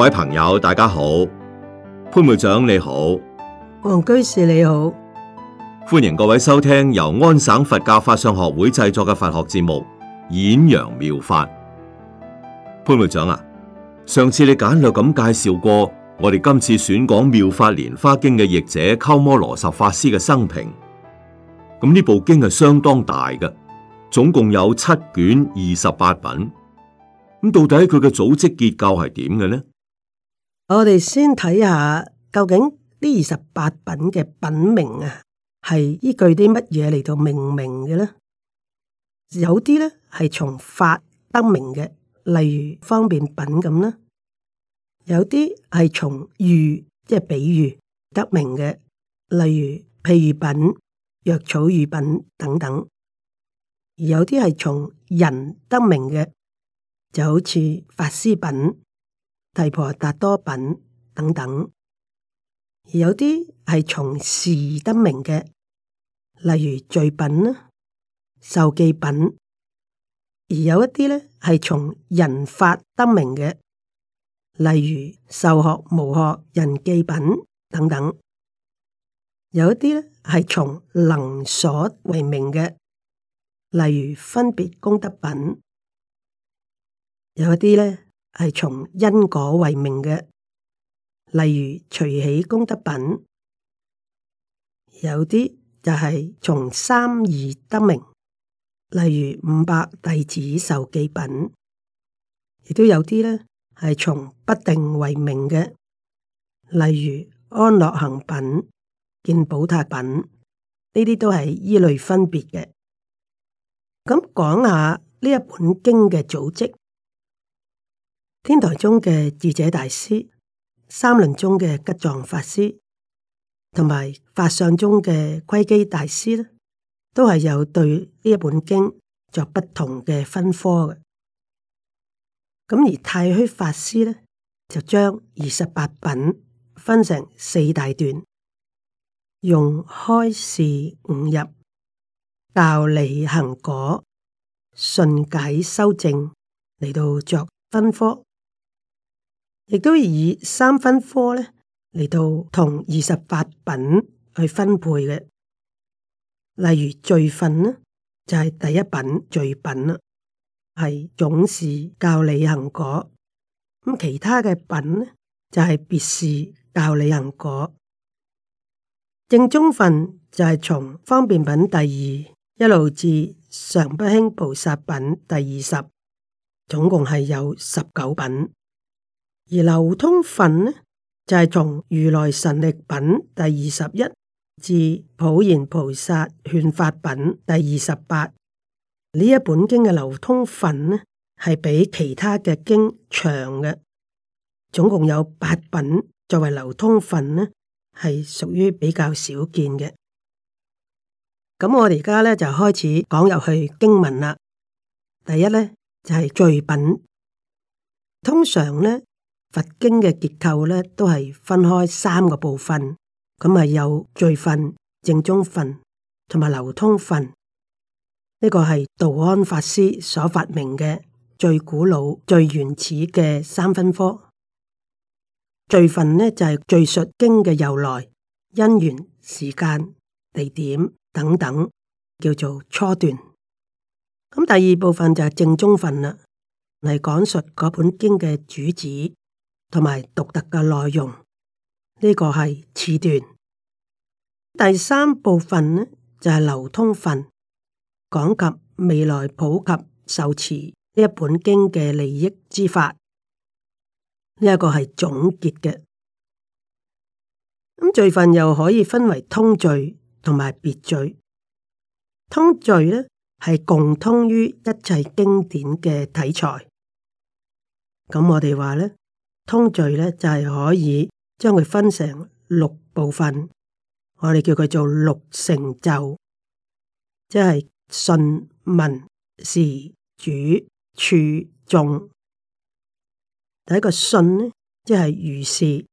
各位朋友，大家好，潘會長你好，黃居士你好，歡迎各位收聽由安省佛教法相學會製作嘅佛學節目《演揚妙，妙法》。潘會長啊，上次你簡略咁介紹過我哋今次選講《妙法蓮花經》嘅譯者鳩摩羅什法師嘅生平。咁呢部經係相當大嘅，總共有七卷二十八品。咁到底佢嘅組織結構係點嘅呢？我哋先睇下究竟呢二十八品嘅品名啊，係依據啲乜嘢嚟到命名嘅咧？有啲咧係從法得名嘅，例如方便品咁啦；有啲係從喻，即係比喻得名嘅，例如譬如品、藥草喻品等等；而有啲係從人得名嘅，就好似法師品。提婆達多品等等，有啲係從事得名嘅，例如序品啦、受記品；而有一啲咧係從人法得名嘅，例如受學無學人記品等等。有一啲咧係從能所為名嘅，例如分別功德品。有一啲咧，係從因果為名嘅，例如隨喜功德品；有啲就係從三義得名，例如五百弟子受記品；亦都有啲咧係從不定為名嘅，例如安樂行品、見寶塔品。呢啲都係依類分別嘅。咁講下呢一本經嘅組織。天台宗嘅智者大師、三論宗嘅吉藏法師，同埋法相宗嘅窺基大師咧，都係有對呢一本經作不同嘅分科嘅。咁而太虛法師呢，就將二十八品分成四大段，用開示悟入、教理行果、信解修證嚟到作分科。亦都以三分科咧嚟到同二十八品去分配嘅，例如序分咧就係、是、第一品序品啦，係總示教理行果。咁其他嘅品咧就係、是、別示教理行果。正宗分就係從方便品第二一路至常不輕菩薩品第二十，總共係有十九品。而流通份呢，就係、是、從如來神力品第二十一至普賢菩薩勸法品第二十八，呢一本經嘅流通份呢，係比其他嘅經長嘅，總共有八品作為流通份呢，係屬於比較少見嘅。咁、嗯、我哋而家呢就開始講入去經文啦。第一呢就係、是、序品，通常呢。佛經嘅結構咧，都係分開三個部分，咁啊有序分、正宗分同埋流通分。呢、這個係道安法師所發明嘅最古老、最原始嘅三分科。序分呢，就係、是、敘述經嘅由來、因緣、時間、地點等等，叫做初段。咁第二部分就係正宗分啦，嚟講述嗰本經嘅主旨。同埋獨特嘅內容，呢、這個係次段。第三部分呢就係、是、流通分，講及未來普及受持呢一本經嘅利益之法。呢、這、一個係總結嘅。咁序分又可以分為通序同埋別序。通序呢係共通於一切經典嘅題材。咁我哋話呢。通序咧就係、是、可以將佢分成六部分，我哋叫佢做六成就，即係信、聞、時、主、處、眾。第一個信咧，即係如是；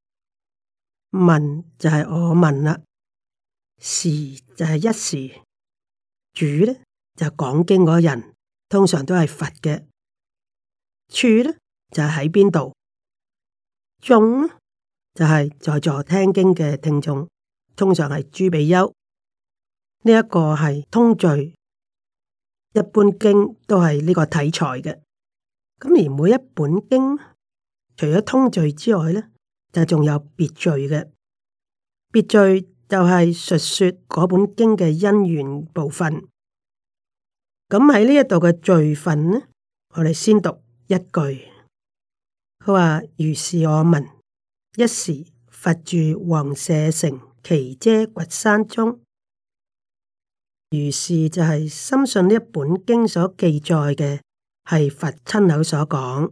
聞就係我聞啦；時就係一時；主咧就講、是、經嗰人，通常都係佛嘅；處咧就喺邊度。眾就係、是、在座聽經嘅聽眾，通常係諸比丘。呢、這、一個係通序，一般經都係呢個題材嘅。咁而每一本經，除咗通序之外咧，就仲有別序嘅。別序就係述說嗰本經嘅因緣部分。咁喺呢一度嘅序分咧，我哋先讀一句。佢話如是我聞，一時佛住王舍城耆闍崛山中。如是就係深信呢一本經所記載嘅，係佛親口所講。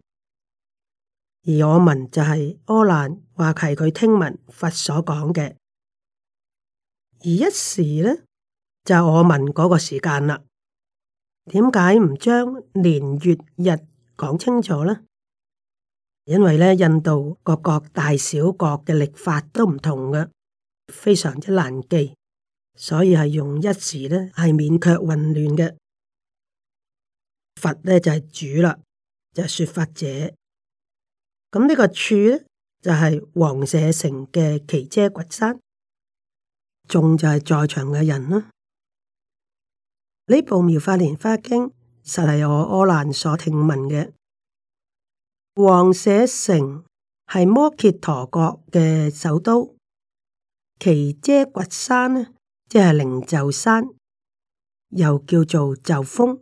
而我聞就係阿難話係佢聽聞佛所講嘅。而一時呢，就是、我聞嗰個時間啦。點解唔將年月日講清楚呢？因為咧，印度各國大小國嘅歷法都唔同嘅，非常之難記，所以係用一時咧係勉強混亂嘅。佛咧就係主啦，就係、是就是、說法者。咁、嗯這個、呢個處咧就係、是、王舍城嘅耆闍崛山，眾就係在場嘅人啦。呢部妙法蓮花經實係我阿難所聽聞嘅。王舍城係摩羯陀國嘅首都，耆闍崛山呢，即係靈鷲山，又叫做鷲峰，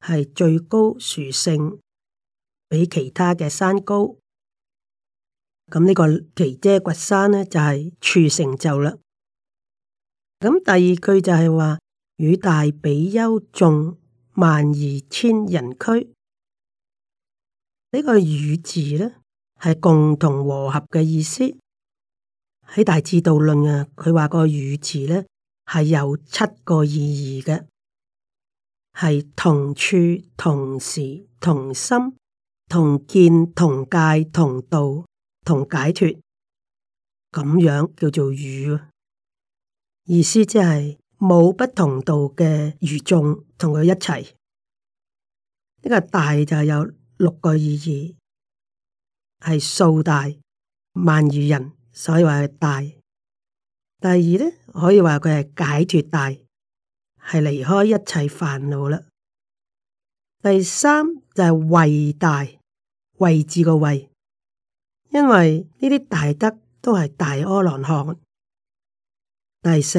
係最高殊勝，比其他嘅山高。咁呢個耆闍崛山呢，就係處成就啦。咁第二句就係話：與大比丘眾萬二千人俱。這個、與呢個與字咧，係共同和合嘅意思。喺《大智度論》啊，佢話個與字咧，係有七個意義嘅，係同處、同時、同心、同見、同界、同道、同解脫。咁樣叫做與，意思即係冇不同道嘅，與眾同佢一齊。呢、這個大就是、有。六個意義係數大，萬馀人，所以話係大。第二咧，可以話佢係解脫大，係離開一切煩惱啦。第三就係位大，位置個位，因為呢啲大德都係大阿羅漢。第四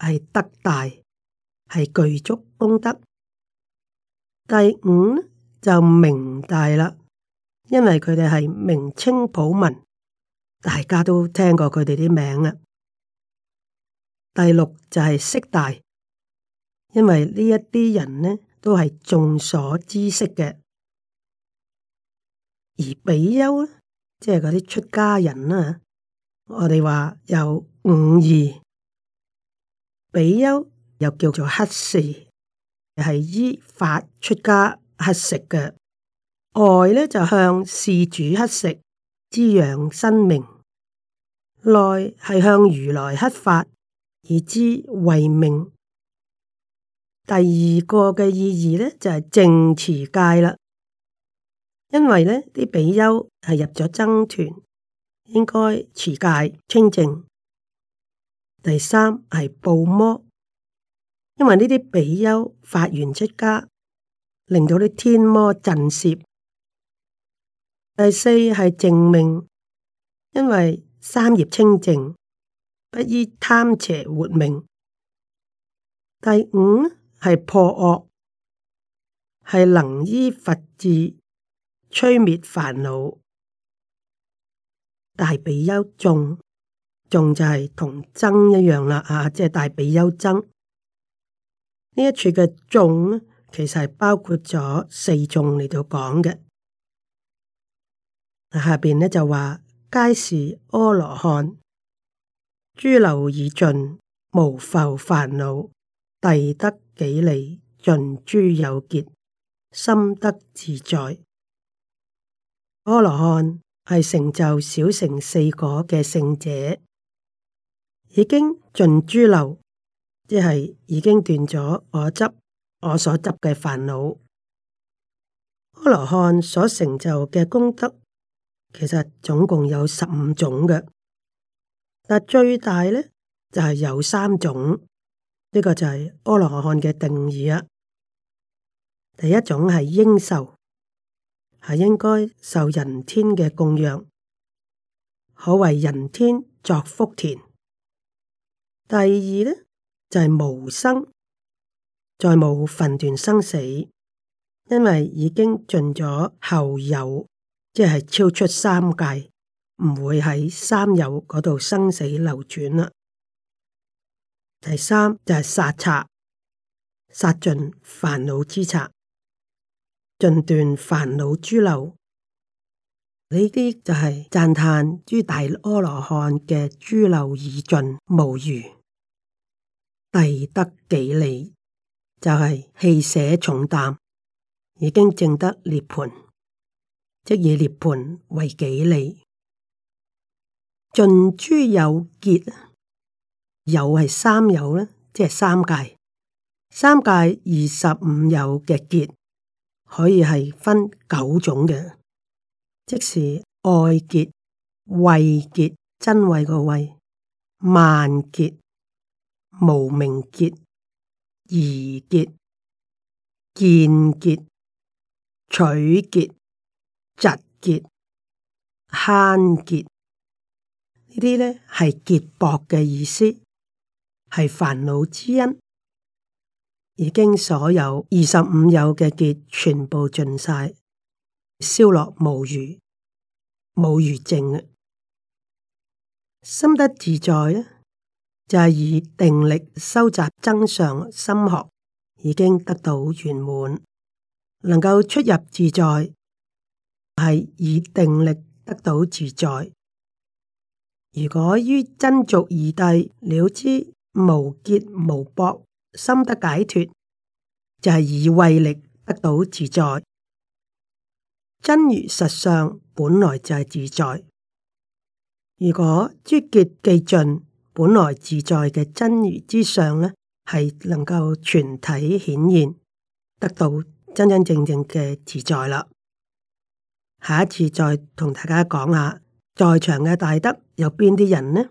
係德大，係具足功德。第五就名大啦，因為佢哋係名稱普聞，大家都聽過佢哋啲名啊。第六就係色大，因為呢一啲人呢都係眾所知識嘅。而比丘呢，即係嗰啲出家人啦、啊。我哋話有五義，比丘又叫做乞士，係依法出家。乞食嘅外咧就向施主乞食，滋養生命；內係向如來乞法以資慧命。第二個嘅意義咧就係正持戒啦，因為咧啲比丘係入咗僧團，應該持戒清淨。第三係怖魔，因為呢啲比丘發願出家。令到啲天魔震攝。第四係淨命，因為三業清淨，不依貪邪活命。第五係破惡，係能依佛智摧滅煩惱，大比丘眾，眾就係同僧一樣啦，啊，即、就、係、是、大比丘僧呢一處嘅眾。其實係包括咗四眾嚟到講嘅。下邊呢就，就話皆是阿羅漢，諸漏已盡，無復煩惱，逮得己利，盡諸有結，心得自在。阿羅漢係成就小乘四果嘅聖者，已經盡諸漏，即係已經斷咗我執。我所執嘅煩惱，阿羅漢所成就嘅功德，其實總共有十五種嘅。但最大咧就係、是、有三種，呢、這個就係阿羅漢嘅定義啊。第一種係應受，係應該受人天嘅供養，可為人天作福田。第二咧就係、是、無生。再冇分段生死，因為已經盡咗後有，即係超出三界，唔會喺三有嗰度生死流轉啦。第三就係殺賊，殺盡煩惱之賊，盡斷煩惱諸漏。呢啲就係讚歎諸大阿羅漢嘅諸漏已盡，無餘，逮得己利，就係氣捨重淡，已經淨得涅盤，即以涅盤為己利。盡諸有結，有係三有啦，即係三界，三界二十五有嘅結，可以係分九種嘅，即是愛結、畏結、真畏個畏、萬結、無名結、疑結、見結、取結、嫉結、慳結，呢啲咧係結縛嘅意思，係煩惱之因。已經所有二十五有嘅結全部盡晒，消落無餘，冇餘剩嘅，心得自在啦。就係以定力收集增上心學，已經得到圓滿，能夠出入自在，係以定力得到自在。如果於真俗二諦了知無結無薄，心得解脫，就係、是、以慧力得到自在。真如實相本來就係自在。如果諸結既盡。本來自在嘅真如之上呢，係能夠全體顯現，得到真真正正嘅自在啦。下一次再同大家講下，在場嘅大德有邊啲人呢？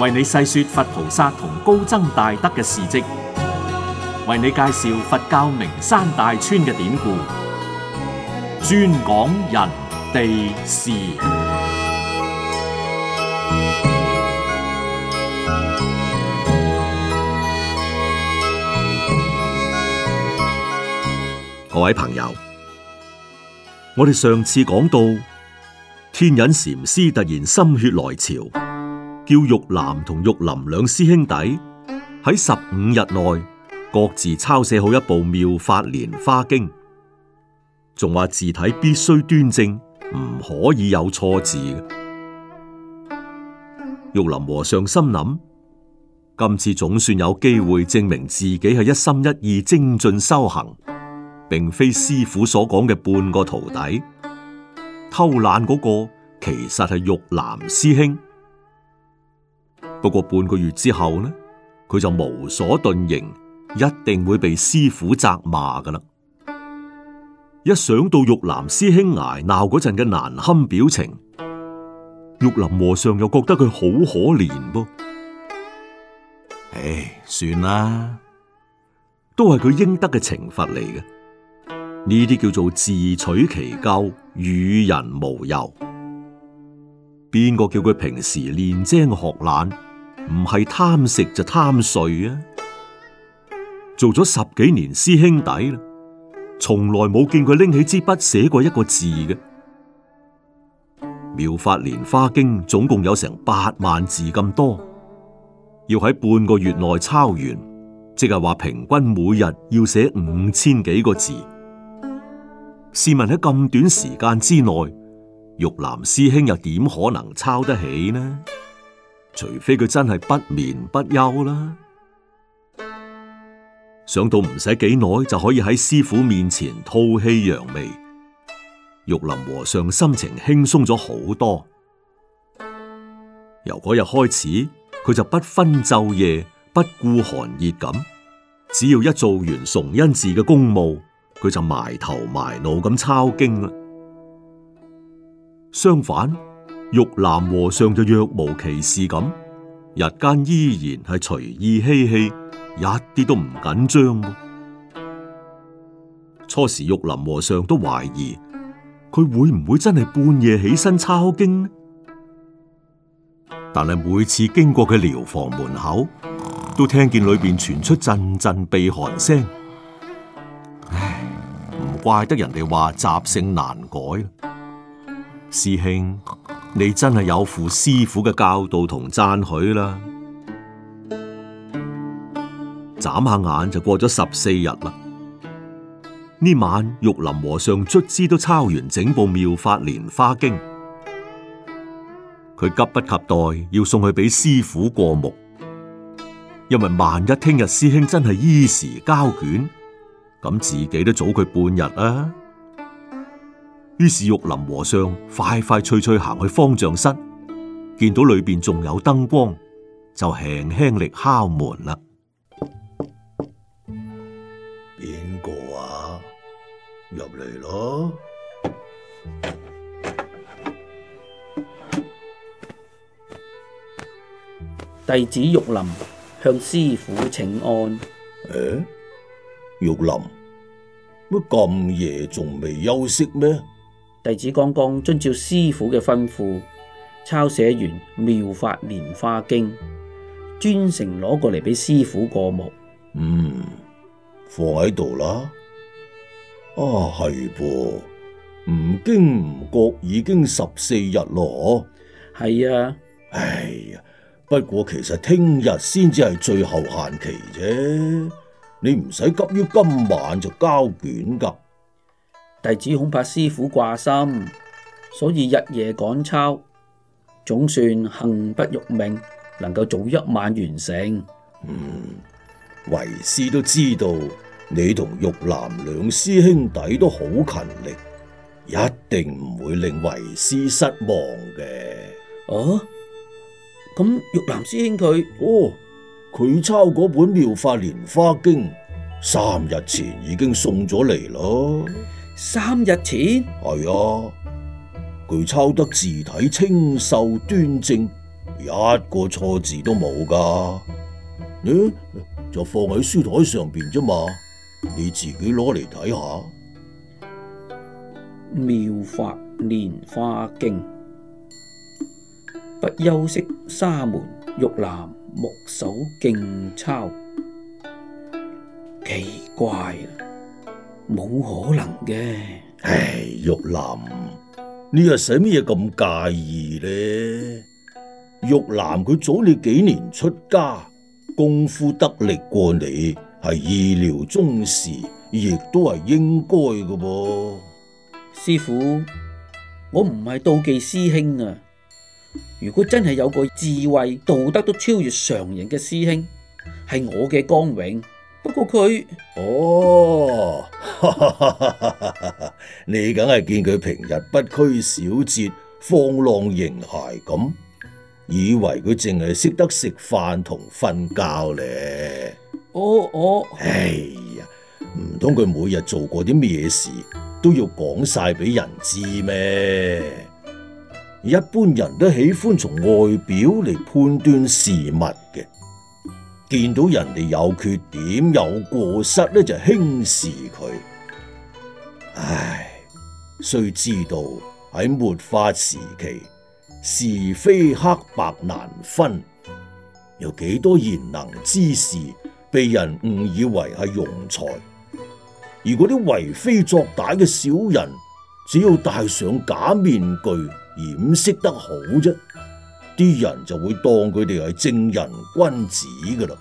為你細說佛菩薩同高僧大德嘅事跡。為你介紹佛教名山大川嘅典故，專講人地事。各位朋友，我哋上次講到天隱禪師突然心血來潮，叫玉蘭同玉林兩師兄弟喺十五日內，各自抄寫好一部《妙法蓮花經》，仲話字體必須端正，唔可以有錯字。玉林和尚心諗：今次總算有機會證明自己係一心一意精進修行，並非師父所講嘅半個徒弟，偷懶嗰個其實係玉林師兄。不過半個月之後呢，佢就無所遁形。一定會被師傅責罵噶啦！一想到玉林師兄捱鬧嗰陣嘅難堪表情，玉林和尚又覺得佢好可憐噃。唉，算啦，都係佢應得嘅懲罰嚟嘅。呢啲叫做自取其咎，與人無尤。邊個叫佢平時練精學懶？唔係貪食就貪睡啊！做咗十幾年師兄弟啦，從來冇見佢拎起支筆寫過一個字嘅。妙法蓮華經總共有成八萬字咁多，要喺半個月內抄完，即係話平均每日要寫五千幾個字。試問喺咁短時間之內，玉林師兄又點可能抄得起呢？除非佢真係不眠不休啦。想到唔使幾耐就可以喺師父面前吐氣揚眉，玉林和尚心情輕鬆咗好多。由嗰日開始，佢就不分晝夜，不顧寒熱咁，只要一做完崇恩寺嘅公務，佢就埋頭埋腦咁抄經啦。相反，玉林和尚就若無其事咁，日間依然係隨意嬉戲。一啲都唔緊張。初時玉林和尚都懷疑佢會唔會真係半夜起身抄經呢？但係每次經過佢寮房門口，都聽見裏邊傳出陣陣鼻鼾聲。唉，唔怪得人哋話習性難改。師兄，你真係有負師傅嘅教導同讚許啦。眨下眼就過咗十四日啦。呢晚玉林和尚卒之都抄完整部《妙法蓮花經》，佢急不及待要送去俾師傅過目，因為萬一聽日師兄真係依時交卷，咁自己都早佢半日啦。於是玉林和尚快快脆脆行去方丈室，見到裏邊仲有燈光，就輕輕力敲門啦。入嚟咯！弟子玉林向師傅請安。誒，玉林乜咁夜仲未休息咩？弟子剛剛遵照師傅嘅吩咐，抄寫完《妙法蓮花經》，專程攞過嚟俾師傅過目。嗯，放喺度啦。啊，係噃，唔經唔覺已經十四日咯。係啊，哎呀，不過其實聽日先至係最後限期啫。你唔使急於今晚就交卷㗎。弟子恐怕師傅掛心，所以日夜趕抄，總算幸不辱命，能夠早一晚完成。嗯，為師都知道。你同玉林兩師兄弟都好勤力，一定唔會令為師失望嘅啊。咁、哦、玉林師兄佢哦，佢抄嗰本《妙法蓮花經》三日前已經送咗嚟啦。三日前係啊，佢抄得字體清秀端正，一個錯字都冇噶。你、哎、就放喺書台上邊啫嘛。你自己攞嚟睇下《妙法蓮華經》，不休息，沙門玉林木手敬抄，奇怪，冇可能嘅。唉，玉林，你又使乜嘢咁介意呢？玉林佢早你幾年出家，功夫得力過你，係意料中事，亦都係應該嘅噃。師父，我唔係妒忌師兄啊。如果真係有個智慧，道德都超越常人嘅師兄，係我嘅光榮。不過佢，哦，哈哈哈哈，你梗係見佢平日不拘小節、放浪形骸咁，以為佢淨係識得食飯同瞓覺咧。哦哦，哎呀，唔通佢每日做過啲咩事都要講晒俾人知咩？一般人都喜歡從外表嚟判斷事物嘅，見到人哋有缺點有過失咧，就輕視佢。唉，雖知道喺末法時期是非黑白難分，有幾多賢能之士，被人誤以為係庸才，而嗰啲為非作歹嘅小人，只要戴上假面具，掩飾得好啫，啲人就會當佢哋係正人君子噶啦。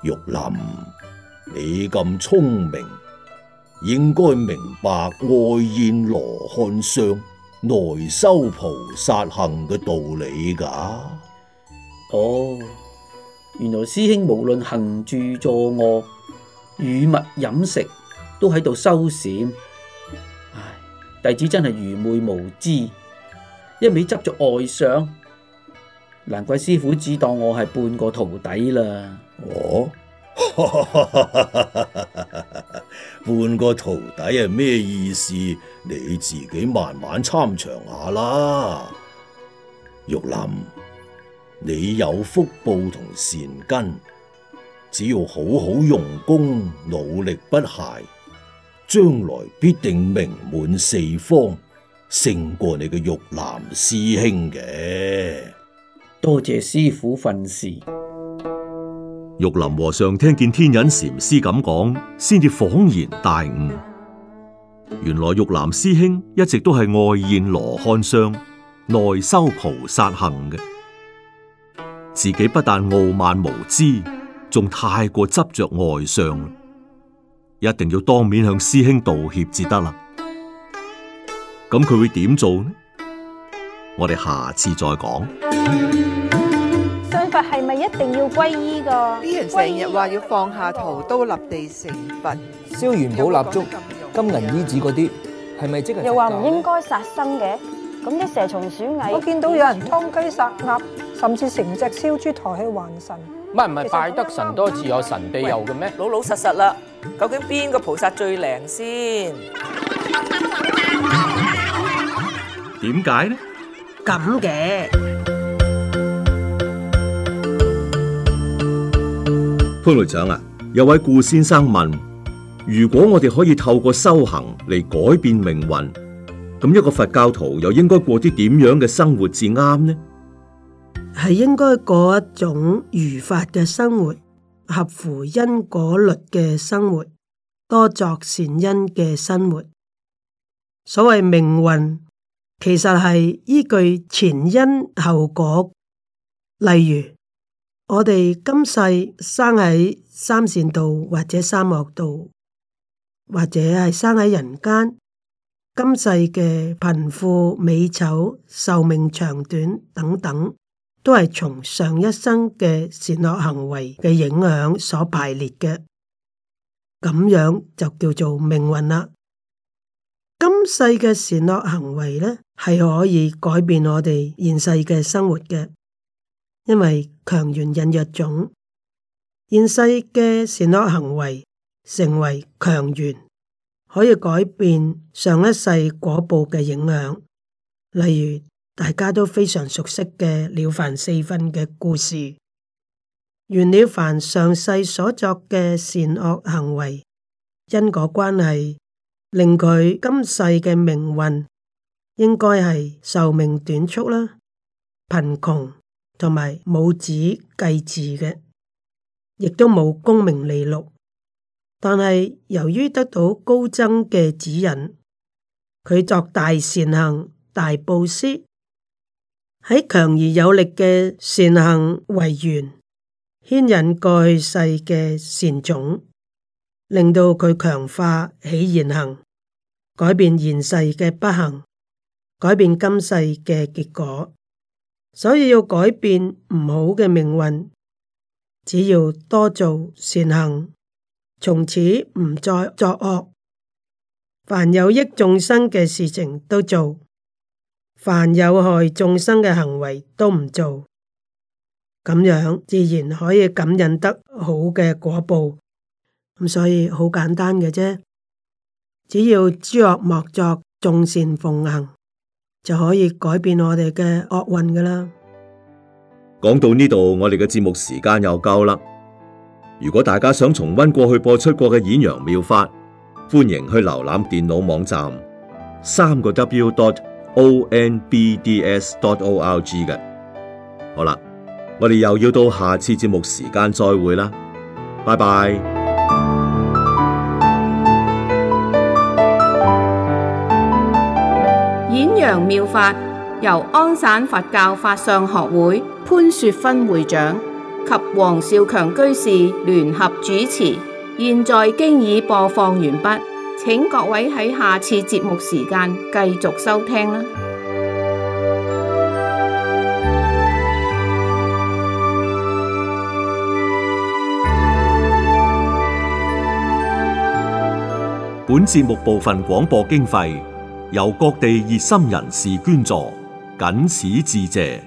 玉林，你咁聰明，應該明白外現羅漢相，內修菩薩行，嘅道理噶。哦。原來師兄無論行住坐臥、雨物飲食，都喺度修禪。唉，弟子真係愚昧無知，一味執著外相，難怪師傅只當我係半個徒弟啦。哦， 半個徒弟係咩意思？你自己慢慢參詳下啦，玉林。你有福報同善根，只要好好用功，努力不懈，將來必定名滿四方，勝過你嘅玉林師兄嘅。多謝師父訓示。玉林和尚聽見天隱禪師咁講，先至恍然大悟，原來玉林師兄一直都係外現羅漢相，內修菩薩行嘅。自己不但傲慢無知，仲太過執着外相，一定要當面向師兄道歉至得啦。咁佢會點做呢？我哋下次再講。信佛係咪一定要皈依㗎？啲人成日話要放下屠刀立地成佛，燒元寶蠟燭、金銀衣紙嗰啲，係咪即係？又話唔應該殺生嘅？咁啲蛇蟲鼠蟻，我見到有人劏雞殺鴨，甚至成隻燒豬抬起還神。唔係，唔係，實拜得神多自有神庇佑嘅咩？老老實實啦，究竟邊個菩薩最靈先？點解呢？咁嘅潘隊長啊，有位顧先生問：如果我哋可以透過修行嚟改變命運？咁一個佛教徒又應該過啲點樣嘅生活至啱呢？係應該過一種如法嘅生活，合乎因果律嘅生活，多作善因嘅生活。所謂命運，其實係依據前因後果。例如，我哋今世生喺三善道或者三惡道，或者係生喺人間。今世嘅貧富美醜、壽命長短等等，都係從上一生嘅善惡行為嘅影響所排列嘅，咁樣就叫做命運啦。今世嘅善惡行為呢，係可以改變我哋現世嘅生活嘅，因為強緣引弱種，現世嘅善惡行為成為強緣。可以改變上一世果報嘅影響，例如大家都非常熟悉嘅《了凡四訓》嘅故事，袁了凡上世所作嘅善惡行為因果關係，令佢今世嘅命運應該係壽命短促啦，貧窮同埋冇子繼嗣嘅，亦都冇功名利祿。但係由於得到高僧嘅指引，佢作大善行、大布施，喺強而有力嘅善行為緣，牽引過去世嘅善種，令到佢強化起善行，改變現世嘅不幸，改變今世嘅結果。所以要改變唔好嘅命運，只要多做善行。從此唔再作惡，凡有益眾生嘅事情都做，凡有害眾生嘅行為都唔做，咁樣自然可以感應得好嘅果報。咁所以好簡單嘅啫，只要諸惡莫作，眾善奉行，就可以改變我哋嘅惡運㗎喇。講到呢度，我哋嘅節目時間又夠喇。如果大家想重溫過去播出過嘅演揚妙法，歡迎去瀏覽電腦網站三個 W dot O N B D S dot O R G 嘅。好啦，我哋又要到下次節目時間再會啦，拜拜。演揚妙法由安省佛教法相學會潘雪芬會長及黃少強居士聯合主持，現在經已播放完畢，請各位喺下次節目時間繼續收聽啦。本節目部分廣播經費由各地熱心人士捐助，僅此致謝。